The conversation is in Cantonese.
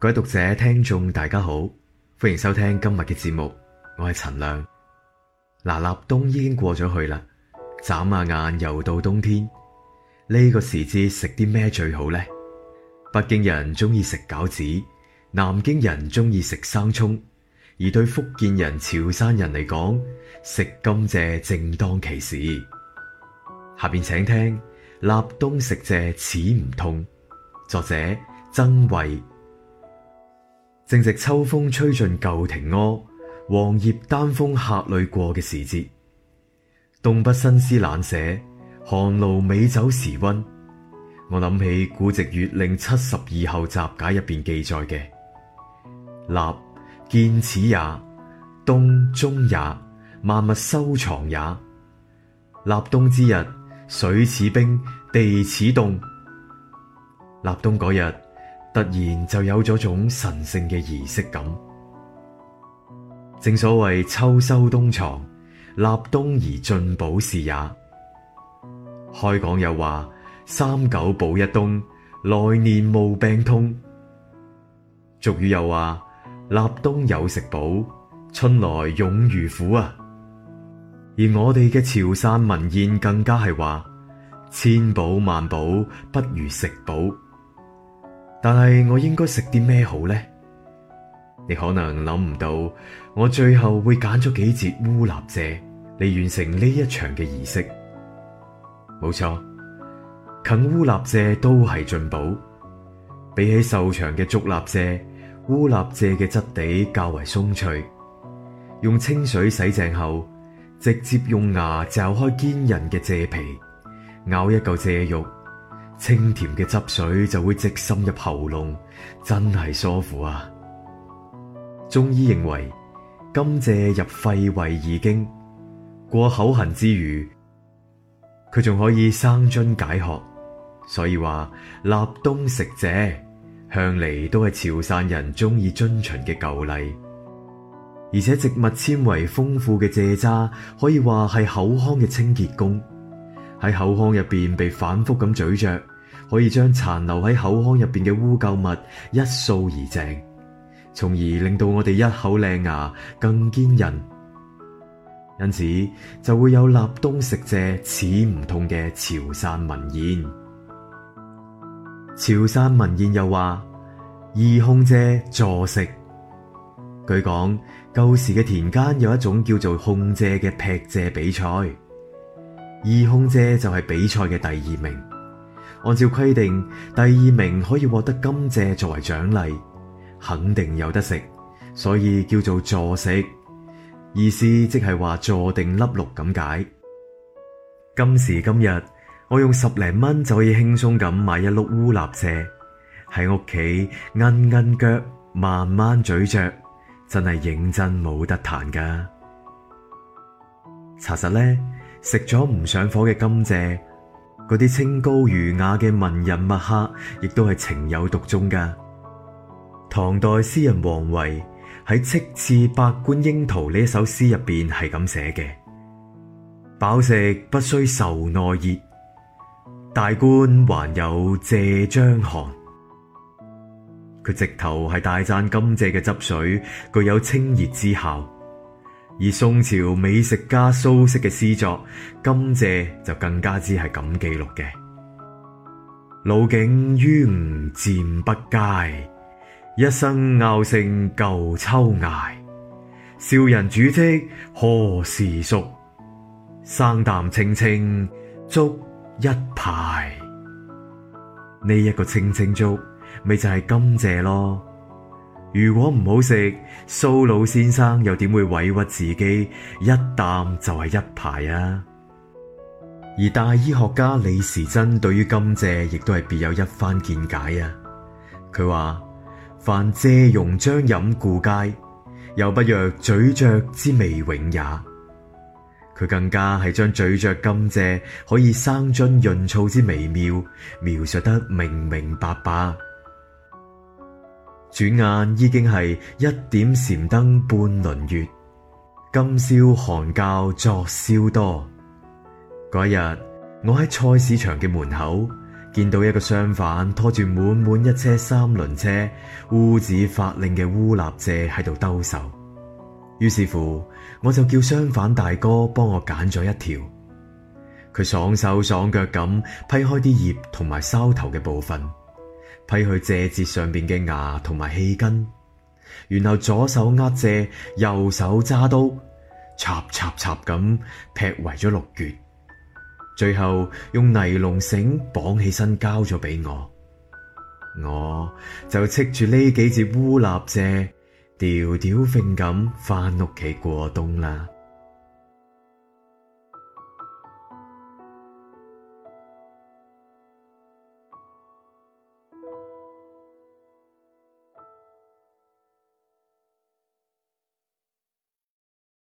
各位讀者、聽眾，大家好，歡迎收聽今日嘅節目。我係陳亮。嗱，立冬已經過咗去啦，眨下眼又到冬天呢個時節，食啲咩最好呢？北京人鍾意食餃子，南京人鍾意食生蔥，而對福建人、潮汕人嚟講，食甘蔗正當其時。下面請聽《立冬食蔗齒唔痛》，作者曾慧。正值秋風吹盡舊庭柯，黃葉丹楓客裏過嘅時節，凍筆新詩懶寫，寒爐美酒時溫。我諗起古籍《月令七十二候集解》入邊記載嘅：立，建始也；冬，終也；萬物收藏也。立冬之日，水始冰，地始凍。立冬嗰日。突然就有咗種神聖嘅儀式感。正所謂秋收冬藏，立冬宜進補是也。開講又話三九補一冬，來年冇病痛。俗語又話立冬有食補，春來勇如虎啊。而我哋嘅潮汕民諺更加係話千補萬補不如食補。但係我應該食啲咩好呢？你可能諗唔到，我最後會揀咗幾節烏臘蔗嚟完成呢一場嘅儀式。冇錯，啃烏臘蔗都係進補。比起瘦長嘅竹臘蔗，烏臘蔗嘅質地較為鬆脆。用清水洗淨後，直接用牙嚼開堅韌嘅蔗皮，咬一嚿蔗肉。清甜嘅汁水就會直深入喉嚨，真係舒服啊！中醫認為甘蔗入肺胃二經，過口痕之餘，佢仲可以生津解渴，所以話立冬食蔗，向嚟都係潮汕人中意遵循嘅舊例。而且植物纖維豐富嘅蔗渣，可以話係口腔嘅清潔工。喺口腔入邊被反覆咁咀嚼，可以將殘留喺口腔入邊嘅污垢物一掃而淨，從而令到我哋一口靚牙更堅韌。因此就會有立冬食蔗齒唔痛嘅潮汕民諺。潮汕民諺又話：二控蔗坐食。據講，舊時嘅田間有一種叫做控蔗嘅劈蔗比賽。二控蔗就係比賽嘅第二名，按照規定，第二名可以獲得甘蔗作為獎勵，肯定有得食，所以叫做坐食，意思即係話坐定粒碌咁解。今時今日，我用十零蚊就可以輕鬆咁買一碌烏臘蔗，喺屋企摁摁腳，慢慢咀嚼，真係認真冇得彈噶。查實呢。食咗唔上火嘅甘蔗，嗰啲清高儒雅嘅文人墨客，亦都係情有獨鍾噶。唐代詩人王維喺《敕賜百官櫻桃》呢一首詩入邊係咁寫嘅：飽食不須愁內熱，大官還有蔗漿寒。佢直頭係大讚甘蔗嘅汁水具有清熱之效。而宋朝美食家蘇軾嘅詩作《甘蔗》就更加之係咁記錄嘅：老境於吾漸不佳，一生拗性舊秋崖。笑人煮積何時熟？生啖青青竹一排。呢、這、一個青青竹，咪就係、是、甘蔗咯。如果唔好食，蘇老先生又點會委屈自己一啖就係一排啊？而大醫學家李時珍對於甘蔗亦都係別有一番見解啊！佢話：凡蔗榕漿飲固佳，又不若咀嚼之味永也。佢更加係將咀嚼甘蔗可以生津潤燥之微妙描述得明明白白。轉眼已經係一點禪燈半輪月，今宵寒較昨宵多。嗰日我喺菜市場嘅門口見到一個商販拖住滿滿一車三輪車烏紫發亮嘅烏臘蔗喺度兜售，於是乎我就叫商販大哥幫我揀咗一條，佢爽手爽腳咁批開啲葉同埋梢頭嘅部分。批去蔗節上邊嘅芽同埋氣根，然後左手握蔗，右手揸刀，插插插咁劈為咗六橛，最後用尼龍繩綁，綁，綁起身交咗俾我，我就斥住呢幾節烏臘蔗，吊吊揈咁翻屋企過冬啦。